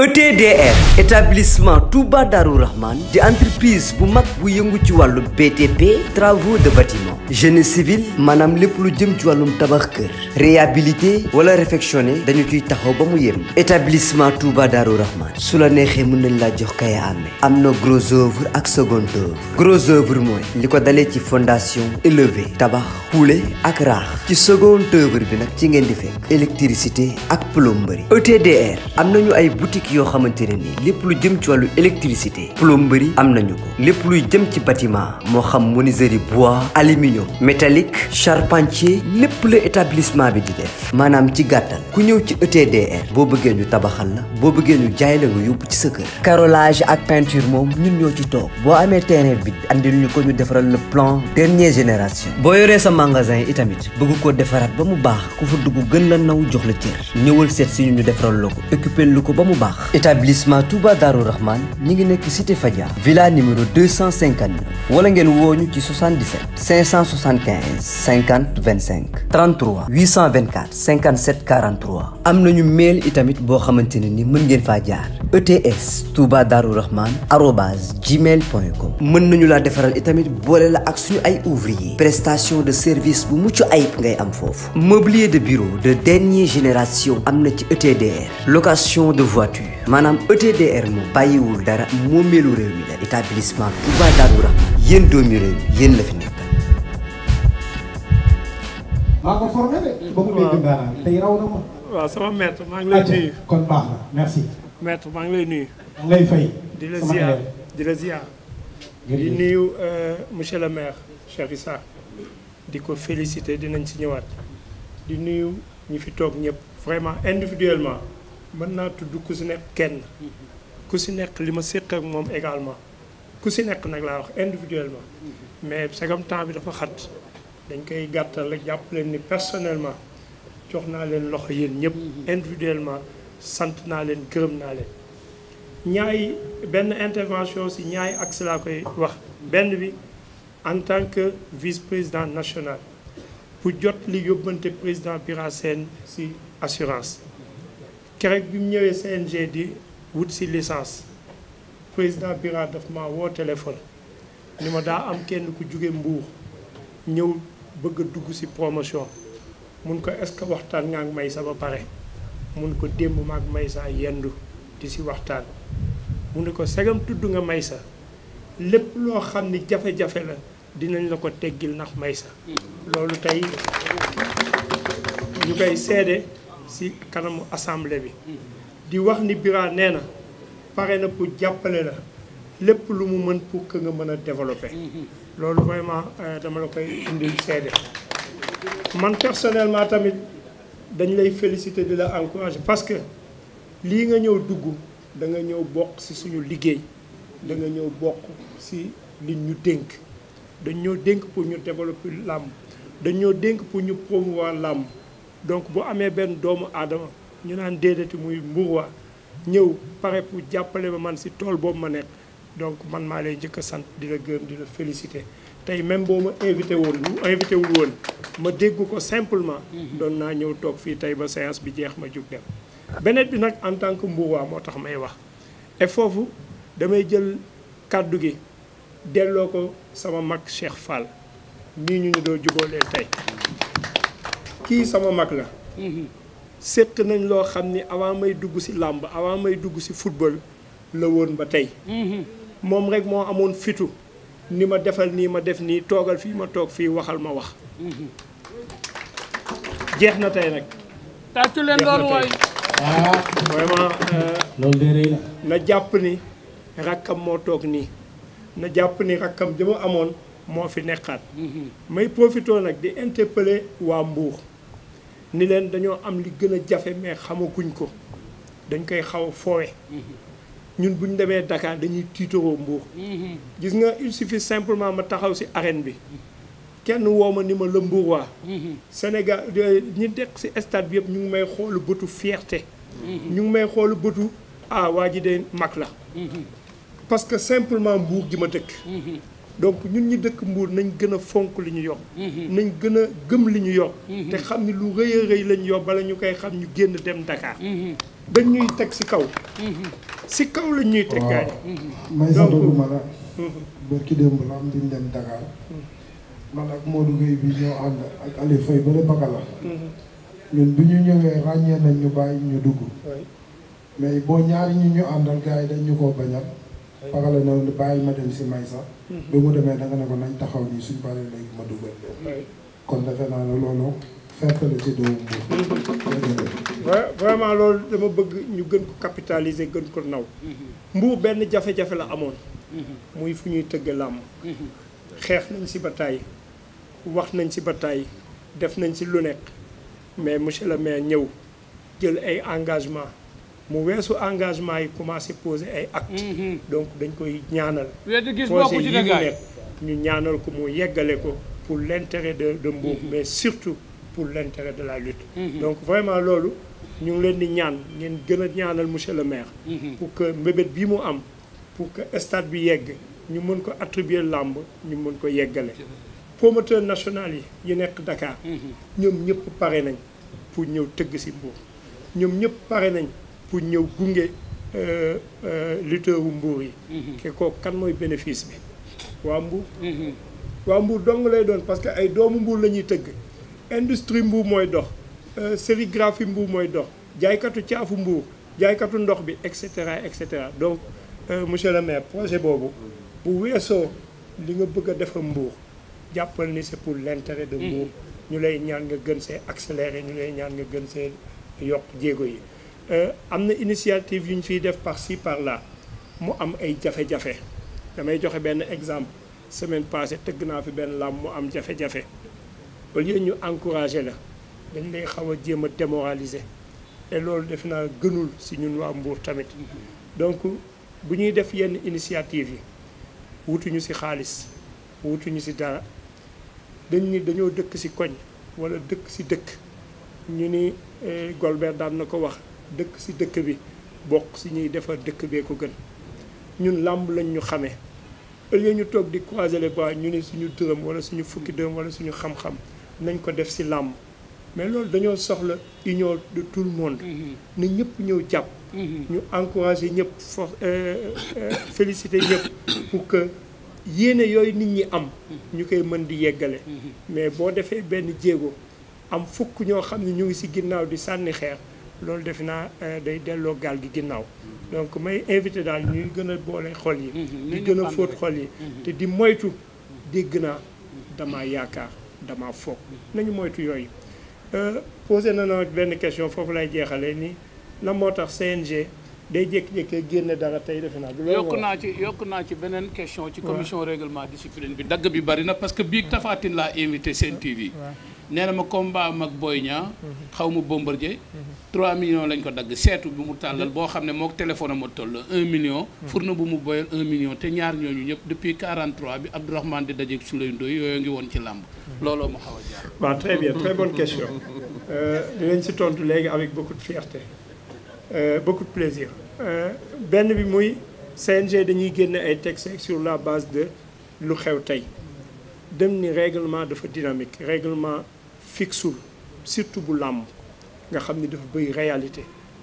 ETDR établissement Touba Darou Rahman di entreprise bu mag bu yëngu ci wàllu BTP travaux de bâtiment génie civil maanaam lépp lu jëm ci wàllum tabax kër réhabilité wala réfectionné dañu ciy taxaw ba mu yem établissement Touba Darou Rahman su la neexee mën nañ laa jox kaya amee am na gros œuvre ak second œuvre gros œuvre mooy li ko dalee ci fondation élevé tabax xuule ak raax ci second œuvre bi nag ci ngeen di fekk électricité ak plomberie ETDR am nañu yoo xamante ne nii lépp lu jëm ci wàllu électricité plomberie am nañu ko lépp luy jëm ci bâtiment moo xam ni menuiserie bois aluminium métallique charpentier lépp la établissement bi di def maanaam ci gàttal ku ñëw ci ETDR boo bëggee ñu tabaxal la boo bëggee ñu jaay la nga yóbbu ci sa kër carrelage ak peinture moom ñun ñoo ci toog boo amee terrain bi andil ñu ko ñu defaral le plan dernière génération boo yoree sa magasin itamit bëgg ko defaraat ba mu baax ku fa dugg gën la naw jox la cër ñëwal seet si ñu defaral établissement Touba Darou Rahman ñi ngi nekk cité Fadia villa numéro 259 wala ngeen wooñu ci 77 575 50 25 33 824 57 43 am nañu mail itamit boo xamante ne ni mën ngeen faa jaar ETS Touba Darou Rahman arobase gmail point com mën nañu laa defaral itamit boole la ak suñu ay ouvrier prestation de service bu mucc ay ngay am foofu mobilier de bureau de dernière génération am na ci ETDR location de voiture agriculture maanaam ETDR moom bàyyiwul dara moomeelu réew mi la établissement Touba Darou Rahmane yéen doomi réew mi yéen la fi nekk. maa ko formé ba mu dégg daanaka na ma. waaw sama maître maa ngi lay nuyu. kon baax na merci. maître di la ziar di nuyu euh, monsieur le maire Cheikh Issa di ko féliciter dinañ ci ñëwaat di nuyu ñu fi toog ñëpp vraiment individuellement. mën naa tudd ku si nekk kenn ku si nekk li ma séq ak moom également ku si nekk nag laa wax individuellement mais sagam temps bi dafa xat dañ koy gàttal rek jàpp leen ni personnellement jox naa leen loxo yéen ñëpp individuellement sant naa leen gërëm naa leen ñaay benn intervention si ñaay axe laa koy wax benn bi en tant que vice-président national bu jot li yóbbante président Bira Sène si assurance keroog bi mu ñëwee CNG di wut si licence président Bira daf ma woo téléphone ni ma daa am kenn ku jóge mbuur ñëw bëgg a dugg si promotion mun ko est-ce que waxtaan nga ak Maysa ba pare mun ko démb ma ak Maysa yendu di si waxtaan mu ne ko segam tudd nga Maysa lépp loo xam ni jafe-jafe la dinañ la ko teggil ndax Maysa hmm. loolu tey ñu koy seede si kanamu assemblée bi di wax ni Bira nee na pare na pour jàppale la lépp lu mu mën pour que nga mën a développer loolu vraiment euh, dama la koy indil seede man personnellement tamit dañ lay féliciter di la encourager parce que lii nga ñëw dugg da nga ñëw bokk ci suñu liggéey da nga ñëw bokk ci li ñu dénk dañ ñoo dénk pour ñu développer làmb dañ ñoo dénk pour ñu promouvoir làmb donc bu amee benn doomu aadama ñu naan déedéet muy mbuur ñëw pare pour jàppale ma man si tool boobu ma nekk donc man maa lay njëkk a sant dina la gërëm félicité tey même boo ma invité woon lu invité wul woon ma dégg ko simplement mhm. doon naa ñëw toog fii tey ba séance bi jeex ma jug dem beneen bi nag en tant que mbuur moo tax may wax et foofu damay jël kàddu gi delloo ko sama mag Cheikh Fall nii ñu ñu doo jubóolee tey kii sama mag la mhm. séq nañ loo xam ni avant may dugg ci làmb avant may dugg ci football la woon ba tey mhm. moom rek moo amoon fitu ni ma defal nii ma def nii toogal fii ma toog fii waxal ma wax mhm. jeex na tey nag tàccu leen loolu waay ah, euh, na jàpp ni rakkam moo toog nii na jàpp ni rakkam jëma amoon moo fi nekkaat may profité nag di interpeller waa Mbour ni leen dañoo am li gën a jafe mais xamaguñ ko dañ koy xaw a foowe ñun bu ñu demee dakaar dañuy tiitaroo Mbour gis nga il suffit simplement ma taxaw si arène bi kenn woo ma ni ma la Mbour waa Sénégal euh, ñu dekk si stade bi yëpp ñu ngi may xoolu bëtu fierté ñu ngi may xoolu bëtu ah waa ji de mag la parce que simplement Mbour gi ma dëkk donc ñun ñi dëkk Mbour nañ gën a fonk li ñu yor. Mhm. nañ gën a gëm li ñu yor. Mhm. te xam ni lu rëy rëy lañ yor bala ñu koy xam ñu génn dem Dakar. Mhm. dañ ñuy teg si kaw. si kaw lañ ñuy teg gaañ. may sa doguma la. barki démb la am di dem Dakar. man ak Modou Gueye bi ñoo ànd ak Aliou Faye ba la la. ñun bi ñu ñëwee ràññee nañ ñu bàyyi ñu dugg. mais boo ñaari ñu ñu àndal gars yi dañ ñu ko bañal. parale na woon bàyyil ma dem si may sax mhm. bi mu demee danga nga ne ko nañ taxaw nii suñ paree léegi ma dugal leen kon defe naa ne loolu fettale ci doomu mbuur mhm. vraiment loolu dama bëgg ñu gën capitaliser gën ko naw mhm. mbuur benn jafe-jafe la amoon muy fu ñuy tëgg làmb xeex nañ si bataay wax nañ si bataay def nañ si lu nekk mais monsieur le maire ñëw jël ay engagement mu weesu engagement yi commencé poser ay actes mhm. donc dañ koy ñaanal projet yi mu nekk ñu ñaanal ko mu yeggale ko pour l'intérêt de de Mbour mhm. mais surtout pour l'intérêt de la lutte mhm. donc vraiment loolu ñu ngi leen di ñaan ngeen gën a ñaanal monsieur le maire pour que mbébét bi mu am pour que stade bi yegg ñu mën ko attribuer làmb ñu mën ko yeggale promoteur national yi yi nekk Dakar ñoom ñëpp pare nañ pour ñëw tëgg si Mbour ñoom ñëpp pare nañ pour ñëw gunge euh, euh, lutteur wu mbuur yi mm-hmm. ke kooku kan mooy bénéfice bi waa mbuur mm-hmm. waa mbuur dong lay doon parce que ay doomu mbuur la ñuy tëgg industrie mbuur mooy dox euh, sérigraphie mbuur mooy dox jaaykatu caafu mbuur jaaykatu ndox bi et cetera et cetera donc monsieur le maire projet boobu bu weesoo li nga bëgg a defar mbuur jàppal ni c'est pour l'intérêt de mm-hmm. mbuur ñu lay ñaan nga gën see accélérer ñu lay ñaan nga gën see yokk jéego yi Euh, am na initiative yu ñu fiy def par si par la mu am ay jafe-jafe damay joxe benn exemple semaine passée tëgg naa fi benn làmb mu am jafe-jafe au lieu ñu encouragé la dañ lay xaw a jéem a démoraliser te loolu def naa gënul ci ñun waa Mbour tamit donc bu ñuy def yenn initiative yi wutuñu ci xaalis wutuñu ci dara dañ ni dañoo dëkk ci koñ walla dëkk ci dëkk ñu ni eh, Golbert daan na ko wax dëkk si dëkk bi bokk si ñuy defar dëkk bee ko gën ñun làmb lañ ñu xamee au ñu toog di croiser les ñu ne suñu dërëm wala suñu fukki dërëm wala suñu xam-xam nañ ko def si làmb mais loolu dañoo soxla union de tout le monde mm-hmm. na ñëpp ñëw jàpp mm-hmm. ñu encourager ñëpp fo euh, euh, féliciter ñëpp pour que yéene yooyu nit ñi am mm-hmm. ñu koy mën di yeggale mais boo defee benn jéego am fukk ñoo xam ni ñu ngi si ginnaaw di sànni xeer loolu defe naa euh, day delloo gaal gi ginnaaw donc may invité daal ñuy gën a boole xol yi mhm, di gën a fóot xol yi mhm. te di moytu dégg naa dama yaakaar dama foog mhm. nañu moytu yooyu euh, posé na nag benn question foofu lay jeexalee nii la moo tax CNG day jékki-jékki génne dara tey defe naa. du yokk naa ci yokk naa ci beneen question. ci commission règlement discipline bi dagg bi bari na parce que bii Tapha Tine laa invité seen TV. nee na ma combat mag Boy ñaa mhm. xaw ma Bombardier 3 mhm. millions lañ ko dagg seetu bi mu tàllal boo xam ne mook téléphone am a toll 1 million mhm. fourneau bu mu boyal 1 million te ñaar ñooñu ñëpp depuis 43 bi Abdourahmane di dajeeg Souley Ndoye yooyu ngi woon ci làmb looloo ma xaw a jaar waaw très bien très bonne question euh, dinañ si tontu léegi avec beaucoup de fierté Euh, beaucoup de euh, benn bi muy CNG dañuy génne ay textes sur la base de lu xew tey dem ni règlement dafa dynamique réglement fixul surtout bu làmb nga xam ni dafa bëy réalité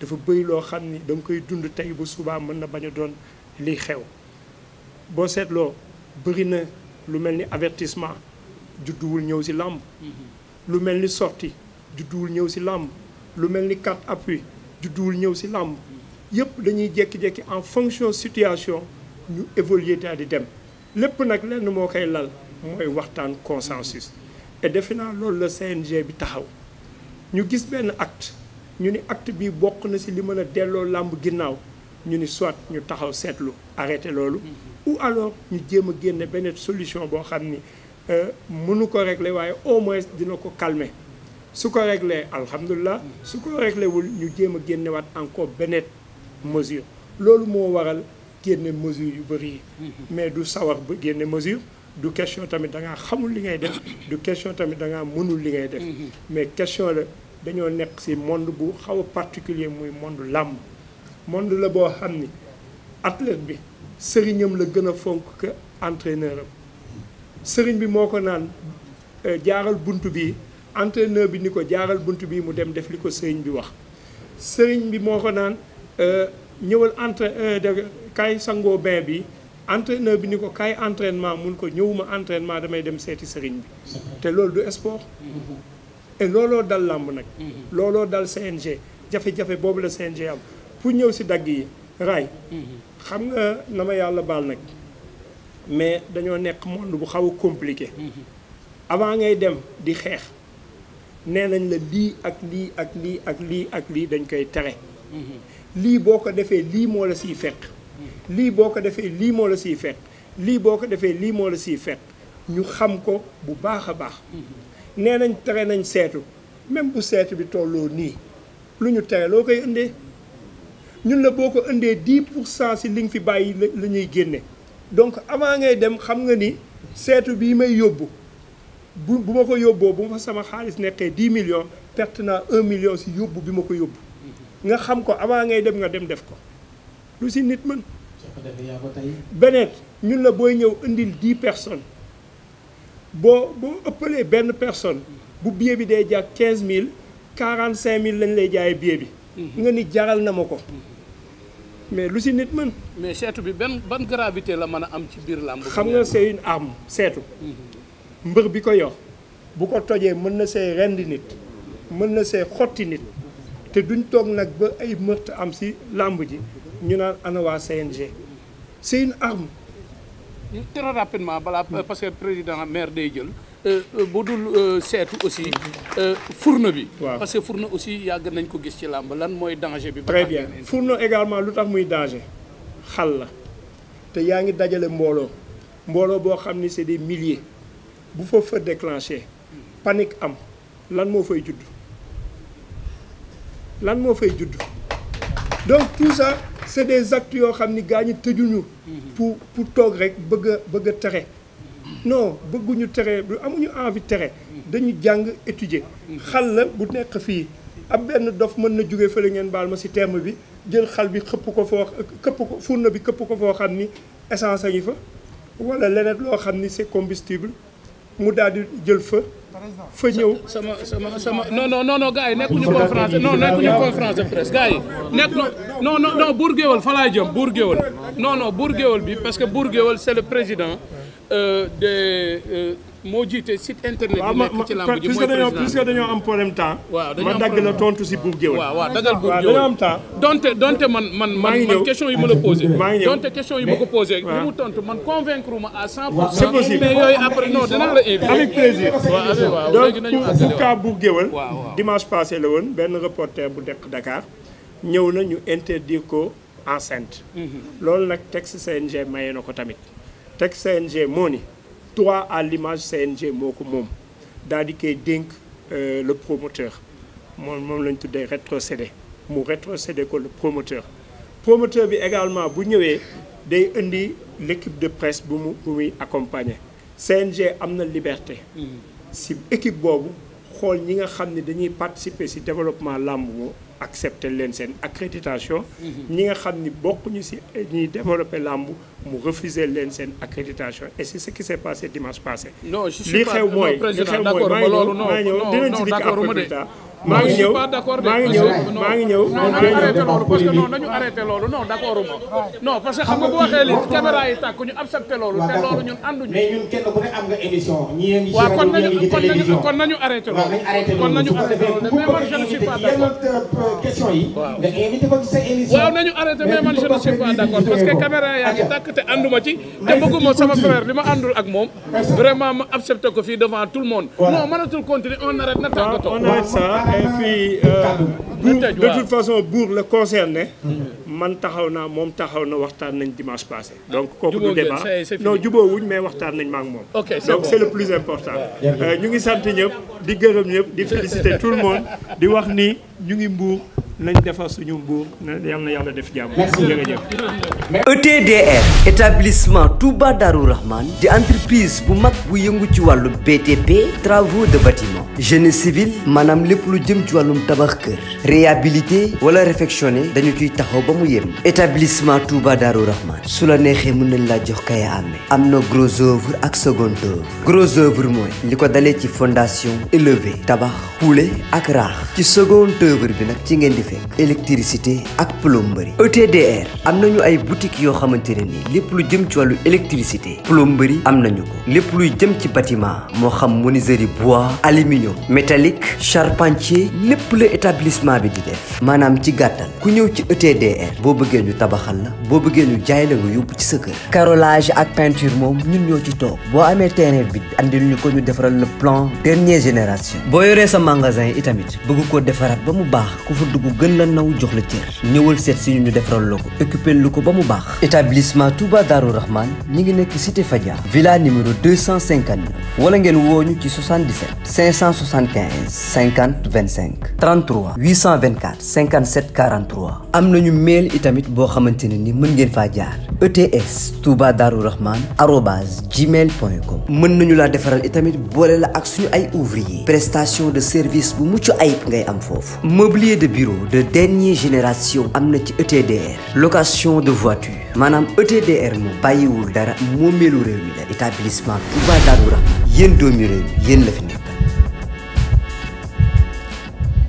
dafa bëy loo xam ni da koy dund tey bu subaa mën na bañ a doon li xew boo seetloo bëri na lu mel ni avertissement judduwul ñëw ci mm-hmm. làmb lu mel ni sorti judduwul ñëw ci làmb lu mel ni carte appui judduwul ñëw ci làmb mm-hmm. yëpp dañuy jékki-jékki en fonction situation ñu évoluer daal di dem lépp nag lenn moo koy lal mooy waxtaan consensus et defe naa loolu la CNG bi taxaw ñu gis benn acte ñu ni act bi bokk na ci li mën a delloo làmb ginnaaw ñu ni soit ñu taxaw seetlu arrêté loolu ou alors ñu jéem a génne benn solution boo xam ni euh, mënu ko regle waaye au moins dina ko calmer su ko réglé alhamdulilah su ko reglewul ñu jéem a génnewaat encore beneen mesure loolu moo waral génne mesure yu bëri mm-hmm. mais du sawar ba génne mesure du question tamit da ngaa xamul li ngay def du question tamit da ngaa mënul li ngay def mm-hmm. mais question la dañoo nekk ci monde bu xaw a particulier muy monde làmb monde la boo xam ni athlète bi sëriñam la gën a fonk que entraîneur am sëriñ bi moo ko naan euh, jaaral bunt bi entraîneur bi ni ko jaaral bunt bi mu dem def li ko sëriñ bi wax sëriñ bi moo ko naan euh, ñëwal entre euh, kaay sangoo bain bi entraîneur bi ni ko kaay entraînement mun ko ñëwuma entraînement damay dem seeti sëriñ bi te loolu du sport looloo dal làmb nag looloo dal CNG jafe-jafe boobu la CNG am pour ñëw si dagg yi raay xam nga na ma yàlla baal nag mais dañoo nekk monde bu xaw a compliqué avant ngay dem di xeex nee nañ la lii ak lii ak lii ak lii ak lii dañ koy tere lii boo ko defee lii moo la siy fekk lii boo ko defee lii moo la siy fekk lii boo ko defee lii moo la siy fekk ñu xam ko bu baax a baax nee nañ tere nañ seetu même bu seetu bi tolloo nii lu ñu tere loo koy indee ñun la boo ko indee 10 pour cent si li nga fi bàyyi la ñuy génne donc avant ngay dem xam nga ni seetu bii may yóbbu bu bu ma ko yóbboo bu ma fa sama xaalis nekkee 10 million perte naa un million si yóbbu bi ma ko yóbbu nga xam ko avant ngay dem nga dem def ko lu si nit mën beneen ñun la booy ñëw indil dix personnes boo boo ëppalee benn personne bu billet bi day jar quinze mille quarant cinq mille lañ lay jaayee billet bi mhm. nga ni jaral na ma ko mhm. mais lu si nit mën mais seetu bi benn ban gravité la mën a am ci biir làmb xam nga c'est une arme seetu mhm. mbër bi ko yor bu ko tojee mën na see rendi nit mën na see xotti nit te duñ toog nag ba ay meurtre am si làmb ji ñu naan ana waa CNG c'est une arme. très rapidement balaa euh, parce que président maire day jël. Euh, euh, bu dul seetu aussi fourne bi. waaw parce que fourne aussi yàgg nañ ko gis ci làmb lan mooy danger bi. très bien fourne également lu tax muy danger xal la te yaa ngi dajale mbooloo mbooloo boo xam ni c'est des milliers bu fa fa déclenché panique am lan moo fay judd lan moo fay judd donc tout ça. c'est des actes yoo xam ni gaa ñi tëjuñu. pour pour toog rek bëgg a bëgg a tere. non bëgguñu tere lu amuñu envie tere. dañu jàng étudier. xal la bu nekk fii ab benn dof mën na jóge fële ngeen baal ma ci terme bi jël xal bi xëpp ko foo këpp ko fourne bi këpp ko foo xam ni essence yi fa. wala leneen loo xam ni c'est combustible mu daal di jël fa. fa ñëw sama sama no non non non non gars yi nekkuñu conférence non nekkuñu conférence de presse gars nekk non non non Bour Gueweul jëm Bour Gueweul non non bi parce que Bour Gueweul c'est le président euh, des euh, moo jiite site internet yi nekk ci làmb ji mooy président dañoo am problème temps. waaw dañoo am ma dagg la tontu si buub géwél. waaw waaw daggal buub man man maa ngi ñëw donte question yi ma ko posé. waaw li mu tontu man convaincre ma à 100 pour cent. c'est possible mais yooyu après non dinaa la invité. avec plaisir waaw waaw léegi nañu dimanche passé la woon benn reporter bu dekk Dakar ñëw na ñu interdire ko enceinte. Mhm. loolu nag texte CNG maye na ko tamit texte CNG moo ni trois à l'image CNG moo ko moom daal di koy dénk euh, le promoteur moom moom lañ tuddee rétrocédé mu rétrocédé ko le promoteur promoteur bi également bu ñëwee day indi l'équipe de presse bu mu bu muy accompagner CNG am na liberté mm. si équipe boobu xool ñi nga xam ne dañuy participer si développement làmb accepter leen seen accréditation. ñi nga xam ni bokkuñu ci ñuy développer làmb mu refuser leen seen accréditation et c'est ce qui s'est passé dimanche passé. non je suis pas non président d'accord ma loolu non non d'accord ma de maa ngi ñëw maa ngi ñëw maa ngi ñëw non nañu arrêté loolu parce que non nañu arrêté loolu non d' accord non parce que xam nga bu waxee li caméra yi tàkk ñu accepté loolu te loolu ñun ànduñu mais ñun kenn ku ne am nga émission ñi ngi waaw kon nañu kon nañu kon nañu arrêté loolu kon nañu arrêté loolu mais man je ne suis pas d' accord euh, euh, question yi nga invité ko ci sa émission waaw nañu arrêté mais man je ne suis pas d' accord parce que caméra yaa ngi tàkk te ànduma ci te bëgguma sama frère li ma àndul ak moom vraiment ma accepté ko fii devant tout le monde non mënatul continuer on arrête na tàggatoo et puis buur euh, de toute façon buur la concerné hmm. man taxaw naa moom taxaw na waxtaan nañ dimanche passé donc kooku du débat non juboowuñ mais waxtaan nañ ma ak moom donc c'est le plus important euh, ñu ngi sant ñëpp di gërëm ñëpp di féliciter tout le monde di wax ni ñu ngi mbuur nañ defar suñu nguur yal na yàlla def jàmm. merci jërëjëf. ETDR établissement Touba Darou Rahman di entreprise bu mag bu yëngu ci wàllu BTP travaux de bâtiment génie civil maanaam lépp lu jëm ci wàllum tabax kër réhabilité wala réfectionné dañu ciy taxaw ba mu yem. établissement Touba Darou Rahman su la neexee mën nañ laa jox kaya amee am na gros œuvre ak second œuvre gros œuvre mooy li ko dalee ci fondation élevé tabax xuule ak raax ci second œuvre bi nag ci ngeen di. fekk électricité ak plomberie ETDR am nañu ay boutique yoo xamante ne nii lépp lu jëm ci wàllu électricité plomberie am nañu ko lépp luy jëm ci bâtiment moo xam menuiserie bois aluminium métallique charpentier lépp la établissement bi di def maanaam ci gàttal ku ñëw ci ETDR boo bëggee ñu tabaxal la boo bëggee ñu jaay la yóbbu ci sa kër carrelage ak peinture moom ñun ñoo ci toog boo amee terrain bi andil ñu ko ñu defaral le plan dernière génération boo magasin itamit bëgg gën la naw jox la cër ñëwal seet si ñu defaral la ko occupé lu ko ba mu baax établissement Touba Darou Rahman ñi ngi nekk cité Fadia villa numéro 259 wala ngeen wooñu ci 77 575 50 25 33 824 57 43 am nañu mail itamit boo xamante ne ni mën ngeen faa jaar ets touba darou rahman arobase gmail point com mën nañu laa defaral itamit boole la ak suñu ay ouvrier prestation de service bu mucc ayib ngay am foofu mobilier de bureau de dernière génération am na ci ETDR location de voiture maanaam ETDR moom bàyyiwul dara moomeelu réew mi la établissement Touba Darou Rahman yéen doomi réew yéen la fi nekk